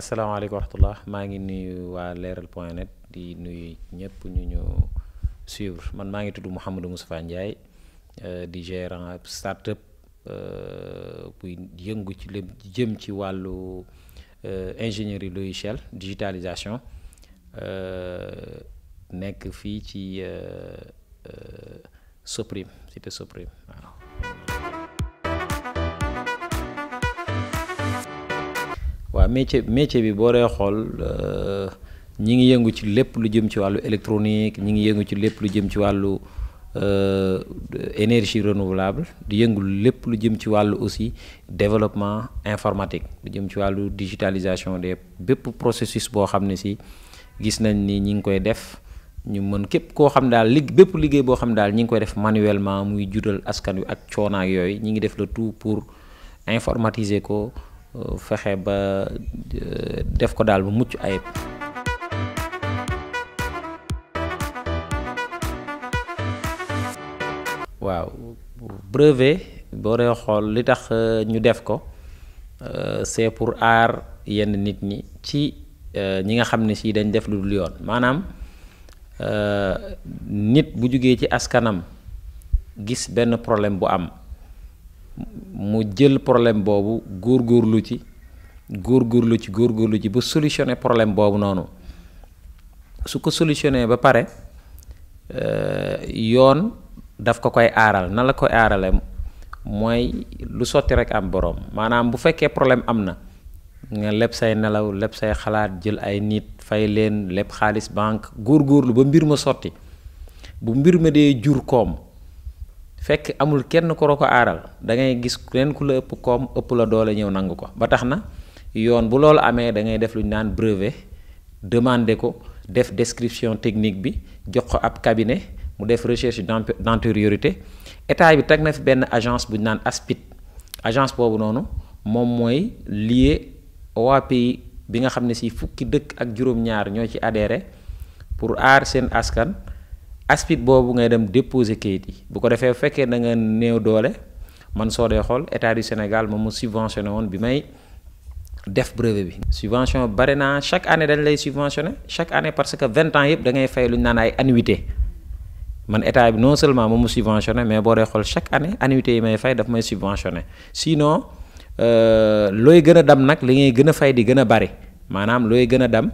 asalaamaaleykum wa rahmatullah maa ngi nuy waa leeral point net di nuyu ñëpp ñu ñu suivre man maa ngi tudd Mouhamadou Moustapha Ndiaye euh, di gérant startup euh, buy yëngu ci lépp jëm ci wàllu ingénieur yi ingénierie logicielle digitalisation euh, nekk fii ci Soprim cité Soprim waaw. waaw métier métier bi boo dee xool euh, ñi ngi yëngu ci lépp lu jëm ci wàllu électronique ñi ngi yëngu ci lépp lu jëm ci wàllu euh, énergie renouvelable di yëngu lépp lu jëm ci wàllu aussi développement informatique lu jëm ci wàllu digitalisation des bépp processus boo xam ne si gis nañ ni ñi ngi koy def ñu mën képp koo xam daal li bépp liggéey boo xam daal ñi ngi koy def manuellement muy jural askan wi ak coonaak yooyu ñi ngi def le tout pour informatiser ko fexe ba euh, def ko daal bu mucc ayib. waaw brevet boo dee xool li tax euh, ñu def ko euh, c'est pour aar yenn nit ñi ci ñi nga xam ne si dañ def lu dul yoon maanaam nit bu jugee ci askanam gis benn problème bu am mu jël problème boobu góor góorlu ci góorgóorlu ci góorgóorlu ci ba solutionné problème boobu noonu su ko solutionné ba pare euh, yoon daf ko koy aaral na la koy aarale mooy lu sotti rek am boroom maanaam bu fekkee problème am na nga leb say nelaw leb say xalaat jël ay nit fay leen leb xaalis banque góorlu ba mbir ma sotti bu mbir ma dee jur koom fekk amul kenn koro ko aaral da ngay gis leen ku la ëpp koom ëpp la doole ñëw nangu ko ba tax na yoon bu loolu amee da ngay def lu ñu naan brevet demander ko def description technique bi jox ko ab cabinet mu def recherche d'antériorité état bi teg na fi benn agence bu ñu naan aspit agence boobu noonu moom mooy lié OAPI bi nga xam ne si fukki dëkk ak juróom-ñaar ñoo ci adhéré pour aar seen askan. aspect boobu ngay dem déposer kayit yi bu ko defee bu fekkee da nga néew doole man soo dee xool état du Sénégal moom mu subventionné woon bi may def brevet bi. subvention bari naa chaque année dañ lay subventionné chaque année parce que vingt ans yëpp da fay lu ñu naan ay annuité man état bi non seulement moom mu subventionné mais boo dee xool chaque année annuité yi may fay daf may subventionné sinon euh, looy gën a dam nag li ngay gën a fay di gën a bare maanaam looy gën a dam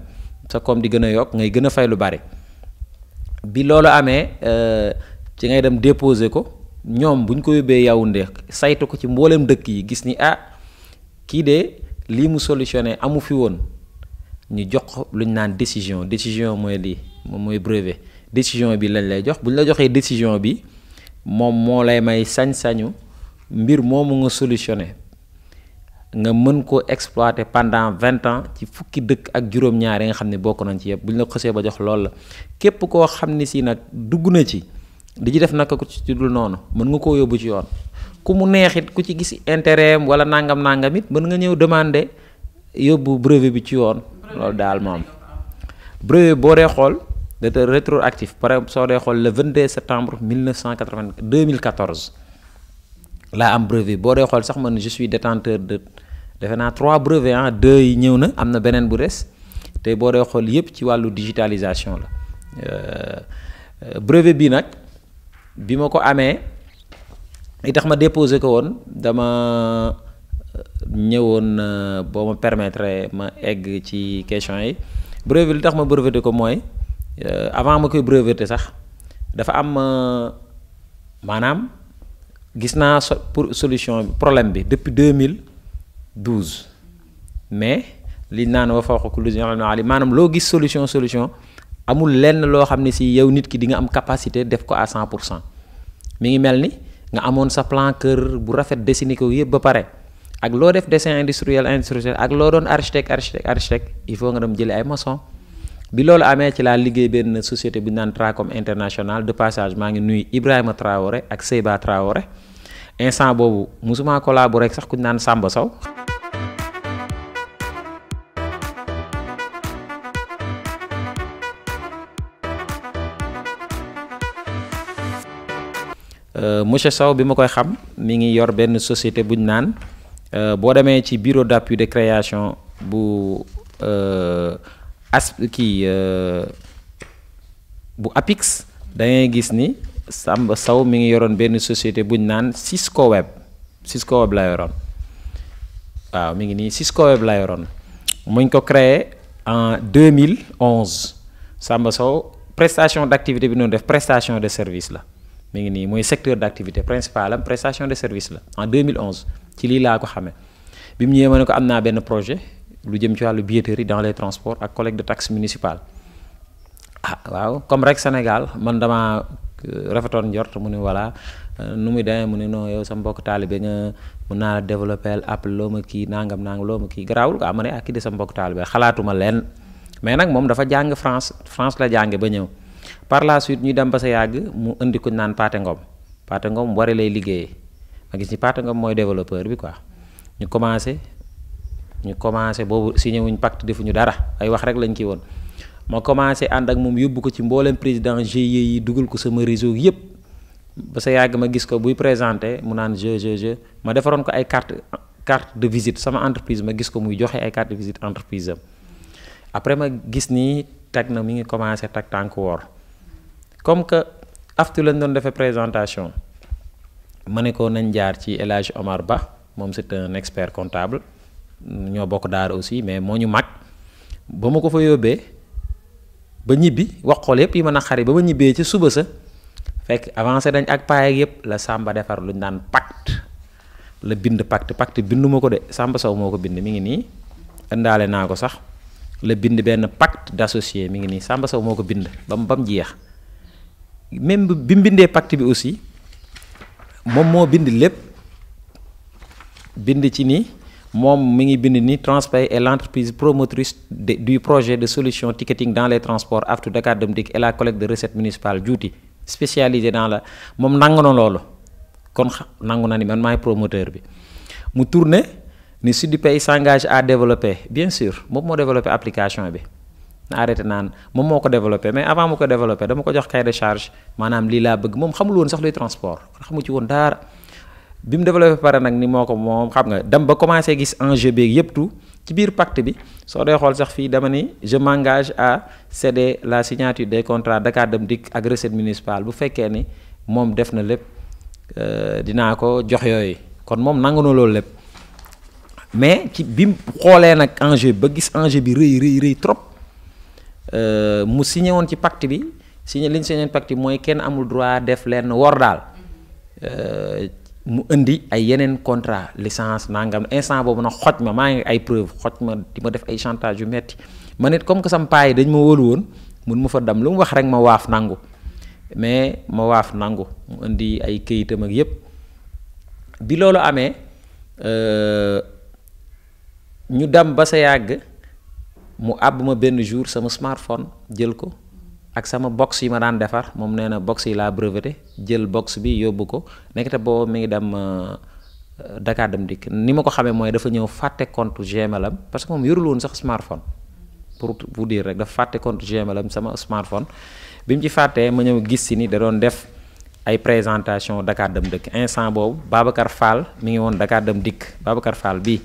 sa koom di gën a yokk ngay gën a fay lu bare. bi loolu amee euh, ci ngay dem déposer ko ñoom bu ñu ko yóbbee Yaoundé saytu ko ci mbooleem dëkk yi gis ni ah kii de lii mu solutionné amu fi woon ñu jox lu ñu naan décision décision mooy lii moom mooy brevet décision bi lañ lay jox bu ñu la joxee décision bi moom moo lay may sañ-sañu mbir moomu nga solutionné nga mën ko exploiter pendant vingt ans ci fukki dëkk ak juróom-ñaar yi nga xam ne bokk nañ ci yëpp bu ñu la xësee ba jox loolu la képp koo xam ne si nag dugg na ci di ci def naka ko ci dul noonu mën nga koo yóbbu ci yoon ku mu neexit ku ci gis intérêt am wala nangam nangam it mën nga ñëw demander yóbbu brevet bi ci yoon loolu daal moom brevet boo dee xool de rétroactif par exemple soo dee xool le 22 septembre 1994 2014 laa am brevet boo dee xool sax man je suis détenteur de defe naa trois brevets ah deux yi ñëw na am na beneen bu des te boo dee xool yépp ci wàllu digitalisation la euh, euh, brevet bi nag bi ma ko amee li tax ma déposé ko woon dama euh, ñëwoon boo ma permettre ma egg ci question yi brevet li tax ma breveté ko mooy avant ma koy breveté sax dafa am maanaam. gis naa so pour solution bi problème bi depuis 2012 mais li naan wa ko zi ilmin alim maanaam loo gis solution solution amul lenn loo xam ne si yow nit ki di nga am capacité def ko à cent pour cent mu ngi mel ni nga amoon sa plan kër bu rafet dessiné ko yëpp ba pare ak loo def dessin industriel industriel ak loo doon architecte architecte architecte il faut nga dem jëli ay maçon bi loolu amee ci laa liggéey benn société bu ñu naan Tracom international de passage maa ngi nuy Ibrahima Traoré ak Seyba Traoré instant boobu mosuma collaboré rek sax ku ñu naan Samba Sow. Euh, monsieur Sow bi ma koy xam mi ngi yor benn société bu ñu naan euh, boo demee ci bureau dappuis de création bu. Euh, as kii euh, bu Apix da gis ni Samba saw mi ngi yoroon benn société buñ naan Cisco Web Cisco Web la yoroon waaw mi ngi nii Cisco Web la yoroon muñ ko créer en 2011 Samba Sow prestation d' activité bi noonu def prestation de service la mi ngi nii mooy secteur d' activité principal prestation de service la en 2011 ci lii laa ko xamee bi mu ñëwee ma ne ko am naa benn projet. lu jëm ci wàllu billetterie dans les transport ak collecte de taxes municipales ah waaw comme rek Sénégal man damaa euh, rafetoon njort mu ne voilà euh, nu muy demee mu ne non yow sa mbokk taalibe nga mën naa la développer Apple loo ma kii nangam nangam loo ma kii garaawul quoi ma ne ah kii di sa mbokk taalibe xalaatuma leen mais nag moom dafa jàng France France la jànge ba ñëw par la suite ñu dem ba sa yàgg mu indi ku ñu naan Pathé Ngom Pathé Ngom waree lay liggéeye ma gis ni Pathé mooy développeur bi quoi ñu commencé. ñu commencé boobu signé wuñ pacte defuñu dara ay wax rek lañ ci woon ma commencé ànd ak moom yóbbu ko ci mbooleen président GIE yi dugal ko sama réseau yépp ba sa yàgg ma gis ko buy présenté mu naan je je ma defaroon ko ay carte carte de visite sama entreprise ma gis ko muy joxe ay carte de visite entreprise am après ma gis nii teg na mi ngi commencé teg tànk wor comme que aftu lañ doon defee présentation ma ne ko nañ jaar ci El Hadj Omar Ba moom c'est un ñoo bokk daar aussi mais moo ñu mag ba ma ko fa yóbbee ba ñibbi wax xool yëpp yi mën a xari ba ma ñibbee ci suba sa fekk avancé dañ ak paay ak yëpp la Samba defar lu ñu daan pacte la bind pacte pacte binduma ko de Samba saw moo ko bind mi ngi nii indaale naa ko sax la bind benn pacte d'associé mi ngi nii sàmba saw moo ko bind ba mu ba mu jeex même bi mu bindee pacte bi aussi moom moo bind lépp bind ci nii moom mi ngi bind ni Transpay est l'entreprise promotrice de, du projet de solution ticketing dans les transports aftu Dakar Dem Dikk et la collecte de recettes municipales juuti spécialisée dans la moom nangu na loolu kon nangu na ni man maay promoteur bi mu tourné ni Sudipay s'engage à développer bien sûr moom moo développé application bi na arrêté naan moom moo ko développé mais avant mu ko développé dama ko jox cahier de charge maanaam lii laa bëgg moom xamul woon sax transport bi mu développé pare nag ni moo ko moom xam nga dem ba commencé gis enjeu beeg yëpp tout ci biir pacte bi soo dee xool sax fii dama ni je mangage à céder la signature des contrat Dakar Dem Dikk ak recette municipale bu fekkee ni moom def na lépp euh, dinaa ko jox yooyu kon moom nangu na loolu lépp mais ci bi mu xoolee nag enjeu ba gis enjeu bi rëy rëy rëy trop euh, mu signé woon ci pacte bi signé li ñu signé pacte bi mooy kenn amul droit def lenn wor daal. Euh, mu indi ay yeneen contrat licence nangam instant boobu nag xoj ma maa ngi ay preuve xoj ma di ma def ay chantage yu metti man nit comme que sama paa dañ ma wóolu woon mun ma fa dam lu mu wax rek ma waaf nangu mais ma waaf nangu mu indi ay këyitam ak yépp bi loolu amee euh, ñu dam ba sa yàgg mu àbb ma benn jour sama smartphone jël ko ak sama box yi ma daan defar moom nee na box yi laa breveté jël box bi yóbbu ko nekk te boobu mi ngi dem euh, Dakar dem dikk ni ma ko xamee mooy dafa ñëw fàtte compte Gmail am parce que moom yorul woon sax smartphone pour vous dire rek dafa fàtte compte am sama smartphone bi mu ci fàttee ma ñëw gis si ni da doon def ay présentation Dakar dem dikk instant boobu Babacar Fall mi ngi woon Dakar dem dikk Babacar Fall bii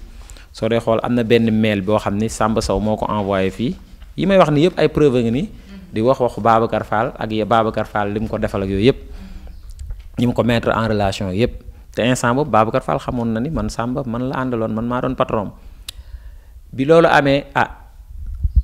soo dee xool am na benn mail boo xam ni Samba saw moo ko envoyé fii yi may wax ni yëpp ay preuve ngi ni di wax waxu Babacar Fall ak ya Babacar Fall li mu ko defal ak yooyu yëpp ñi mu ko mettre en relation yëpp te instant boobu Babacar Fall xamoon na ni man sàmba man la àndaloon man maa doon patron bi loolu amee ah.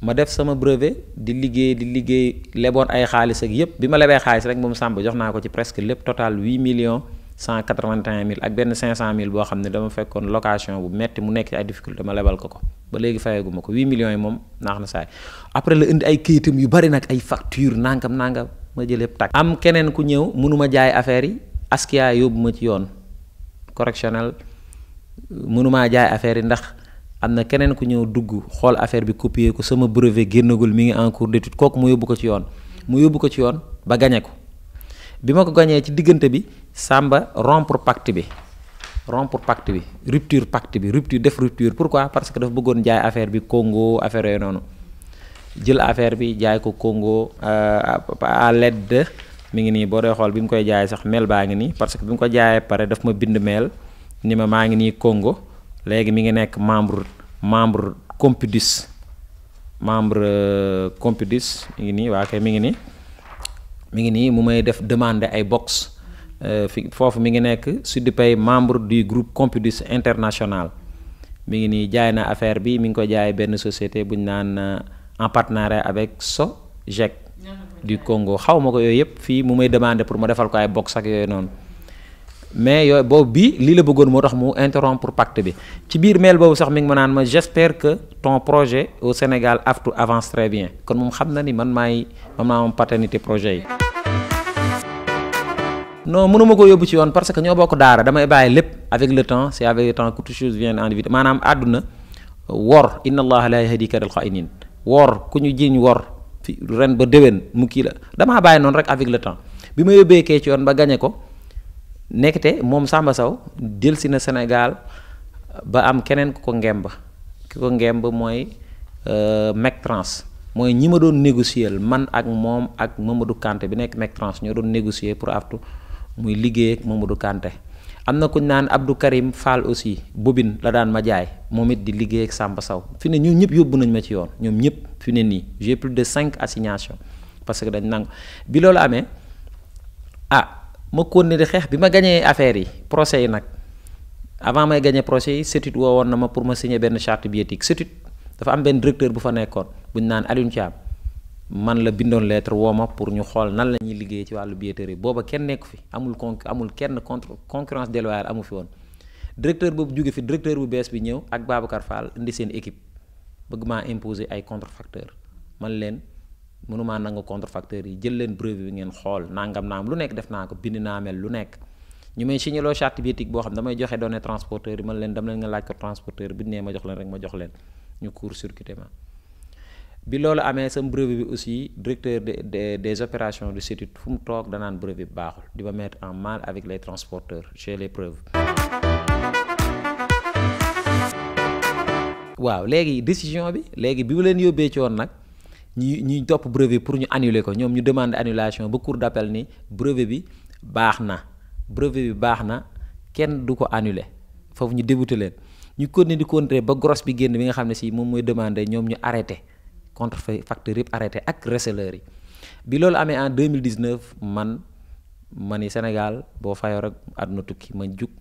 ma def sama brevet di liggéey di liggéey leboon ay xaalis ak yépp bi ma lebee xaalis rek moom Samba jox naa ko ci presque lépp total huit million cent quatre vingt et un mille ak benn cinq cent mille boo xam ne dama fekkoon location bu metti mu nekk ci ay difficulté ma lebal ko ko ba léegi fayeegu ma ko huit millions yi moom naax na saay après la indi ay kayitam yu bari nag ay facture nangam nangam ma jëlee yëpp tàkk am keneen ku ñëw mënuma jaay affaire yi askia yóbbu ma ci yoon correctionnel mënumaa jaay affaire yi ndax am na keneen ku ñëw dugg xool affaire bi copier ko sama brevet génnagul mi ngi en cours d'étude kooku mu yóbbu ko ci yoon mu yóbbu ko ci yoon ba gañe ko ci diggante bi Samba rompre pact bi rompre pacte bi rupture pacte bi rupture def rupture pourquoi parce que dafa bëggoon jaay affaire bi Congo affaire yooyu noonu jël affaire bi jaay ko Congo euh, à l'aide de mi ngi nii boo dee xool bi mu koy jaayee sax mel baa ngi nii parce que bi mu ko jaayee pare daf ma bind mel ni ma maa ngi nii Congo léegi mi ngi nekk membre membre Compudis membre euh, Compudis mu ngi nii waa kay mi ngi nii mi ngi nii mu may def demander ay box Euh, fi foofu mi ngi nekk SudPay membre du groupe Compudus international mi ngi nii jaay na affaire bi mi ngi ko jaay benn société bu ñu naan euh, en partenariat avec Sojec du Congo xaw ma ko yooyu yëpp fii mu may demande pour ma defal ko ay box ak yooyu noonu mais yooyu boobu bi lii la bëggoon moo tax mu pour pacte bi ci biir mail boobu sax mi ngi ma naan ma j'espère que ton projet au Sénégal aftu avance très bien kon moom xam na ni man maay man maa projet yi non mënuma ko yóbbu ci yoon parce que ñoo bokk daara damay bàyyi lépp avec le temps c'est avec le temps que toute chose vient en vite maanaam àdduna wor inna allaha la yahdi kaydal xaa'iniin wor ku ñu jiiñ wor fi ren ba déwén mu kii la damaa bàyyi noonu rek avec le temps bi ma yóbbee kee ci yoon ba gañe ko nekkte moom Samba Sow delsi na Sénégal ba am keneen ku ko ngemb ki ko ngemb mooy euh, mec trans mooy ñi ma doon négocier man ak moom ak Mamadou Kanté bi nekk mec ñoo doon négocier pour aftu muy liggéey ak du Kanté am na ñu naan Abdou Karim Fall aussi bobine la daan ma jaay moom it di liggéey ak Samba saw fi ne ñun ñëpp yóbbu nañ ma ci yoon ñoom ñëpp fi ne nii j'ai de cinq assignations parce que dañ nangu bi loolu amee ah ma ne di xeex bi ma gañee affaires yi procès yi nag avant may gañee procès yi CETUD woowoon na ma pour ma signer benn charte bioéthique CETUD dafa am benn directeur bu fa nekkoon bu ñu naan Alioune Thiam man la bindoon lettre woo ma pour ñu xool nan lañuy liggéey ci wàllu yi booba kenn nekku fi amul con amul kenn contre concurrence déloyale amu fi woon directeur boobu jóge fi directeur bu bees bi ñëw ak Babacar faal indi seen équipe bëgg maa imposer ay contre facteur man leen mënumaa nangu contrefacteur yi jël leen brevet bi ngeen xool nangam naam lu nekk def naa ko bind naa mel lu nekk ñu may signaloo charte biotique boo xam damay joxe données transporteur yi leen dam leen nga laaj ko transporteur bi nee ma jox leen rek ma jox leen ñu court circuité ma bi loolu amee sam brevet bi aussi directeur de, de des opérations du CETUD fu mu toog danaan brevet bi baaxul di ma mettre en mal avec les transporteurs j'ai les preuves waaw léegi décision bi léegi bi mu leen yóbbee ci woon nag ñi ñuy topp brevet pour ñu annuler ko ñoom ñu demande annulation ba cour d'appel ni brevet bi baax na brevet bi baax na kenn du ko annuler foofu ñu débuté leen ñu continuer di contrer ba grosse bi génn bi nga xam ne si moom mooy demander ñoom ñu arrêté contrefacteurs yëpp arrêté ak receleurs yi bi loolu amee en 2019 man ma ni Sénégal boo fayoo rek àdduna tukki ma jug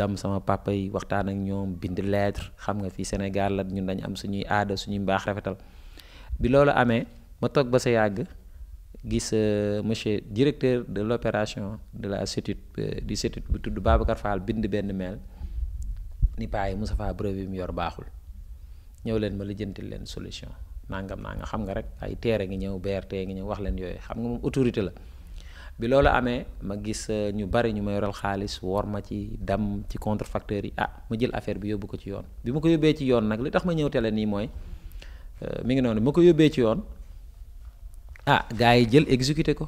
dam sama papa yi waxtaan ak ñoom bind lettre xam nga fii Sénégal la ñun dañu am suñuy aada suñuy mbaax rafetal bi loolu amee ma toog ba sa yàgg gis euh, monsieur directeur de l' opération de la CETUD euh, di CETUD bu tudd Babacar Fall bind benn mail ni paay Moustapha Breuve bi mu yor baaxul ñëw leen ma lijjanti leen solution nangam naa nga xam nga rek ay teere ngi ñëw BRT ngi ñëw wax leen yooyu xam nga moom autorité la bi loolu amee ma gis euh, ñu bari ñu may yoral xaalis wor ma ci dam ci contrefacteur yi ah ma jël affaire bi yóbbu ko ci yoon bi ma ko yóbbee ci yoon nag li tax ma ñëw tele nii mooy euh, mi ngi noonu ma ko yóbbee ci yoon ah gars yi jël exécuté ko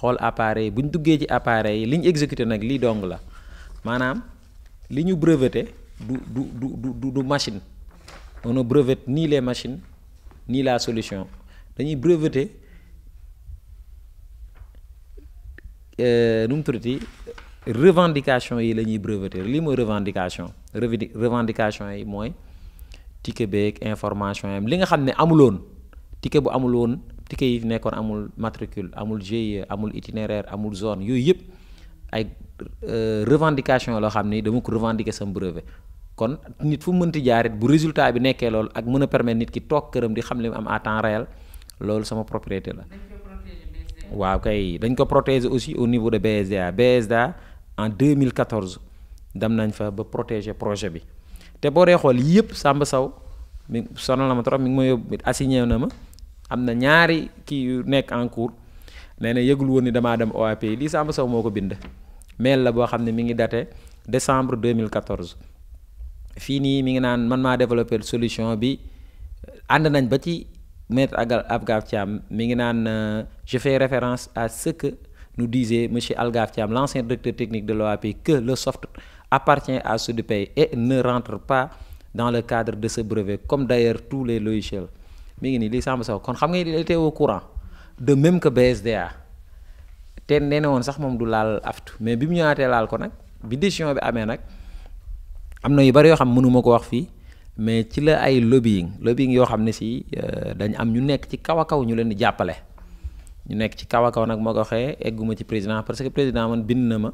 xool appareil yi bu ñu duggee ci appareil yi li ñu exécuté nag lii dong la maanaam li ñu breveté du du du du du machine on brevette nii les machines nii la solution dañuy breveter euh, nu mu tuddati revendication yi la ñuy breveter lii mooy revendication revendication yi mooy ticket beeg information yi li nga xam ne amuloon ticket bu amul woon ticket yi nekkoon amul matricule amul GIE amul itinéraire amul zone yooyu yëpp ay euh, revendication loo xam ni dama ko revendique sama brevet kon nit fu mënti jaarit bu résultat bi nekkee loolu ak mën a permettre nit ki toog këram di xam li am à temps loolu sama propriété la waaw kay dañ ko protéger aussi au niveau de BSDA BSDA en mille 2014 dem nañ fa ba protéger projet bi te boo dee xool yëpp Samba Sow mi sonal na ma trop mi ngi ma yóbbu assigné na ma am na ñaari kii nekk en cours nee na yëgul woon ni damaa dem OAP lii Samba saw moo ko bind mail la boo xam ne mi ngi daté décembre 2014 fii nii mi ngi naan man maa développé solution bi ànd nañ ba ci maître Algaf Thiam mi ngi naan euh, je fais référence à ce que nous disait monsieur Algaf Thiam l'ancien directeur technique de l'OAP que le soft appartient à ceux du pays et ne rentre pas dans le cadre de ce brevet comme d'ailleurs tous les logiciels mi ngi nii lii sàmm sax kon xam nga il était au courant de même que BSDA te nee na woon sax moom du laal aftu mais bi mu ñëwaatee laal ko nag bi décision bi amee nag. am na yu bari yoo xam mënuma ko wax fii mais ci la ay lobbying lobbying yoo xam ne si euh, dañ am ñu nekk ci kaw ñu leen di jàppale ñu nekk ci kaw nag ma ko xee egguma ci président parce que président man bind na ma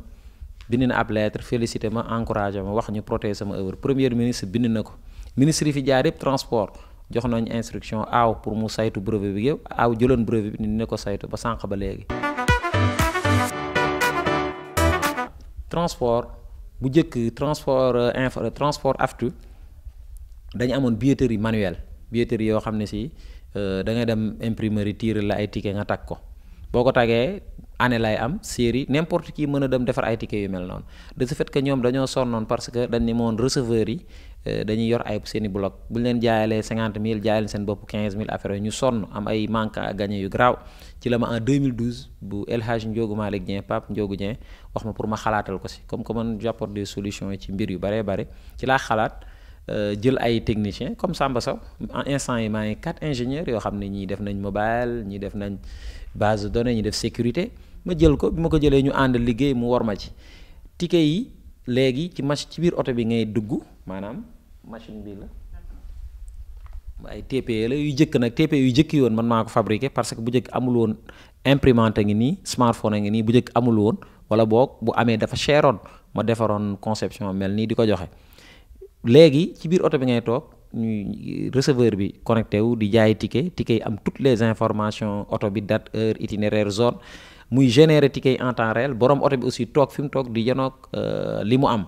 bind na ab lettre félicité ma encouragé wax ñu protéger sama œuvre premier ministre bind na ko ministre yi fi jaar yëpp transport jox nañ instruction aaw pour mu saytu brevet bi yëpp aaw jëloon brevet bi dina ko saytu ba sànq ba léegi bu jëkk transport euh, infra euh, transport aftu dañu amoon billetterie manuelle billetterie yoo xam ne si euh, da ngay dem imprimerie tiiral la ay ticket nga takk ko boo ko tagee année lay am série n'importe qui mën a dem defar ay ticket yu mel noonu de ce fait que ñoom dañoo sonnoon parce que dañ ni moon receveurs yi euh, dañuy yor ay seen i bloc bu ñu leen jaayalee cinquante mille jaayal seen bopp quinze mille affaire ñu sonn am ay manque à gagner yu graaw ci la ma en 2012 bu El Hadj Ndiogou Malick Dieng Pape Ndiogou Dieng wax ma pour ma xalaatal ko si comme que man j'apporte solution solutions ci mbir yu baree bare ci laa xalaat. Euh, jël ay techniciens comme Samba Sow instant yi maa ngi quatre ingénieurs yoo xam ne ñii def nañ mobile ñii def nañ base de données ñi def sécurité ma jël ko bi ma ko jëlee ñu ànd liggéey mu war ma ci ticket yi léegi ci mach ci biir oto bi ngay dugg maanaam machine bi la ay TPE la yu jëkk nag TPE yu jëkk yoon man maa ko fabriqué parce que bu jëkk amul woon imprimante ngi nii smartphone a ngi nii bu jëkk amul woon wala boog bu amee dafa cheroon ma defaroon conception mel nii di ko joxe léegi ci biir oto bi ngay toog ñuy receveur bi connecté wu di jaay ticket ticket am toutes les informations oto bi date heure itinéraire zone muy générer ticket yi en temps réel borom oto bi aussi toog fi mu toog di janoog euh, li mu am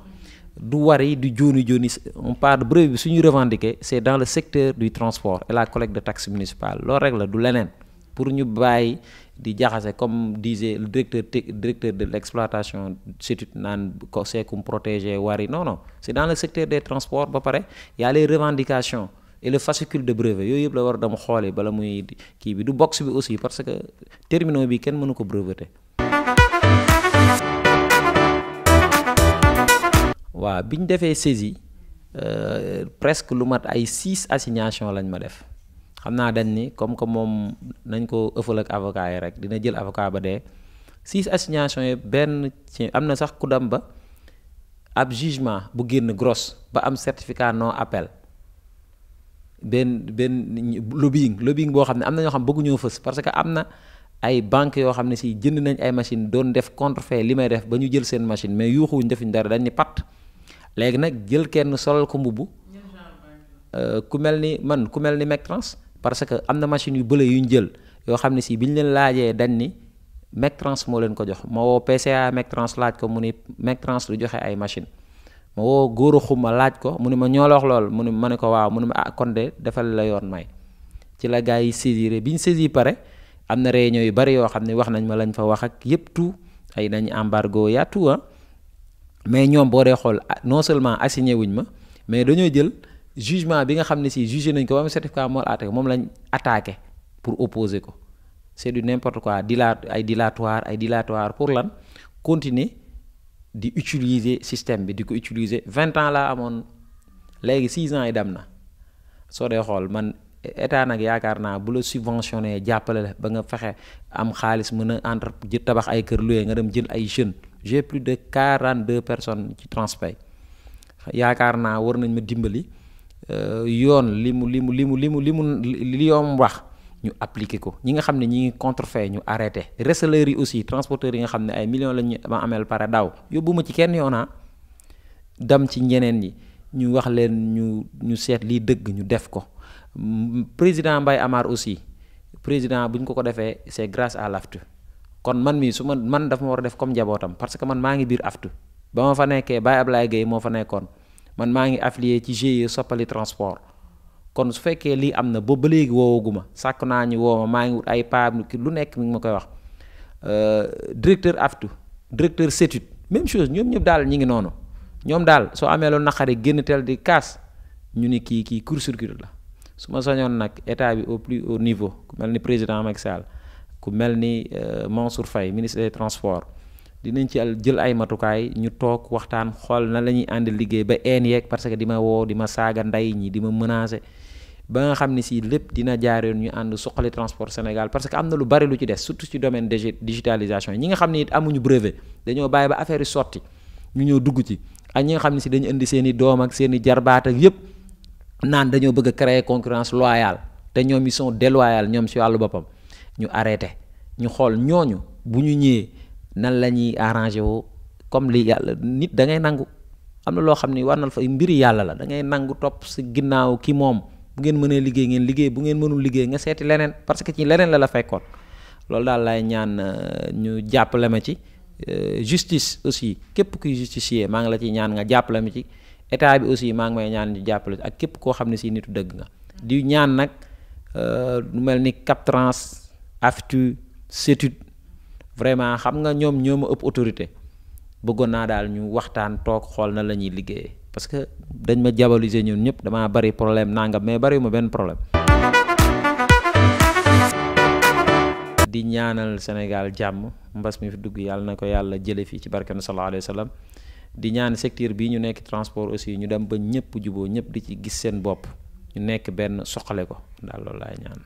du wari du jooni jooni on parle brevet bi su ñu revendiquer c' dans le secteur du transport et la collecte de taxe municipale loolu rek la du leneen pour ñu bàyyi di jaxase comme disait le directeur directeur de l'exploitation surtout naan c'est comme protéger wari non non c'est dans le secteur des transports ba pare y a les revendications et le fascicule de brevet yooyu yëpp la war dama xoolee bala muy kii bi du box bi aussi parce que terminaux bi kenn mënu ko breveter waaw bi ñu defee saisie euh, presque lu mat ay six assignations lañ ma def am naa dañ ni comme que moom nañ ko ëffal ak avocat yi rek dina jël avocat ba dee six assignation yi benn ci am na sax ku ba ab jugement bu génn grosse ba am certificat non appel benn benn lobbying lobbying boo xam ne am na ñoo xam bëgguñoo fës parce que am na ay banque yoo xam ne si jënd nañ ay machine doon def contrefait li may def ba ñu jël seen machine mais yuuxuwuñ defuñ dara dañ ni pat léegi nag jël kenn solal ko mbubb euh, ku mel ni man ku mel ni Mectrans parce que am na machine yu bële yu ñu jël yoo xam ne si bi ñu leen laajee dañ ni Mectrans moo leen ko jox ma woo PCA Mectrans laaj ko mu ni Mectrans du joxe ay machine ma woo góor xuma laaj ko mu ni ma ñoo lool mu ni ma ne ko waaw mu ni ma ah kon de defal la yoon may ci la gars yi saisir bi ñu saisir pare am na réunion yu bari yoo xam ne wax nañ ma lañ fa wax ak yépp tout ay nañ embargo yaa tout mais ñoom boo dee xool ah, non seulement assigné wuñ mais dañoo jël. jugement bi nga xam ne si jugé nañ ko ba mu certificat moral attaqué moom lañ attaqué pour opposer ko c'est du n'importe quoi dilat ay dilatoire ay dilatoire pour lan continuer di utiliser système bi di ko utiliser vingt ans laa amoon léegi six ans yi dem na soo dee xool man état nag yaakaar naa bu la subventionné jàppale la ba nga fexe am xaalis mën a entre jë tabax ay kër loué nga dem jël ay jeunes j'ai plus de quarante deux personnes ci Transpay yaakaar naa war nañ ma dimbali. Euh, yoon li mu li mu li mu li mu li mu li yoon wax ñu appliquer ko ñi nga xam ne ñi ngi contrefait ñu arrêté receleurs yi aussi transporteurs yi nga xam ne ay millions la ñu ma ameel pare daaw yóbbu ma ci kenn yoonaa ah. dem ci ñeneen ñi ñu wax leen ñu ñu seet lii dëgg ñu def ko président Mbaye Amar aussi président bu ñu ko ko defee c'est grâce à l'AFTU kon man mii su ma man daf ma war a def comme njabootam parce que man maa ngi biir AFTU ba ma fa nekkee Baye Ablaye Gueye moo fa nekkoon man maa ngi affilié ci GIE soppali transport kon su fekkee lii am na ba ba léegi woowaguma sàkk naa ñu woo maa ngi wut ay paam lu nekk mi ma koy wax euh, directeur aftu directeur CETUD même chose ñoom ñëpp daal ñi ngi noonu ñoom daal soo amee lu naqari génn teel di kaas ñu ni kii kii court circuit la su ma soñoon nag état bi au plus haut niveau ku mel ni président Macky Sall ku mel ni euh, Mansour Faye ministre des transports dinañ ci al jël ay matukaay ñu toog waxtaan xool na la ñuy ànd liggéey ba een yeeg parce que dima woo dima saaga ndey ñi di ma menacer ba nga xam ne sii lépp dina jaar yoon ñu ànd suqali transport Sénégal parce que am na lu bari lu ci des surtout ci domaine de digitalisation ñi nga xam ni amuñu brevet dañoo bàyyi ba affaire yi sotti ñu ñëw dugg ci ak ñi nga xam ne si dañu indi seen i doom ak seen i jarbaat ak yëpp naan dañoo bëgg a créer concurrence te ñoom ils sont ñoom si wàllu boppam ñu arrêté ñu xool ñooñu nan la ñuy arrangé woo comme li yàlla nit da ngay nangu am na loo xam ne war na fa mbiri yàlla la da ngay nangu topp si ginnaaw ki moom bu ngeen mënee liggéey ngeen liggéey bu ngeen mënul liggéey nga seeti leneen parce que ci leneen la la fekkoon loolu daal lay ñaan euh, ñu jàppale ma ci euh, justice aussi képp kuy justicier maa ngi la ci ñaan nga jàppale ma ci état bi aussi maa ngi may ñaan ñu jàppale ak képp koo xam ne si nitu dëgg nga di ñaan nag euh, mel ni CAPTRANS AFTU CETUD vraiment xam nga ñoom ñoo ma ëpp autorité bëggoon naa daal ñu waxtaan toog xool na la ñuy liggéeyee parce que dañ ma diaboliser ñun ñëpp damaa bari problème nangam mais bari ma benn problème. di ñaanal Sénégal jàmm mbas mi fi dugg yàlla na ko yàlla jële fii ci barkanu sallallahu alayhi wa sallam di ñaan secteur bii ñu nekk transport aussi ñu dem ba ñëpp juboo ñëpp di ci gis seen bopp ñu nekk benn soxale ko daal loolu laay ñaan.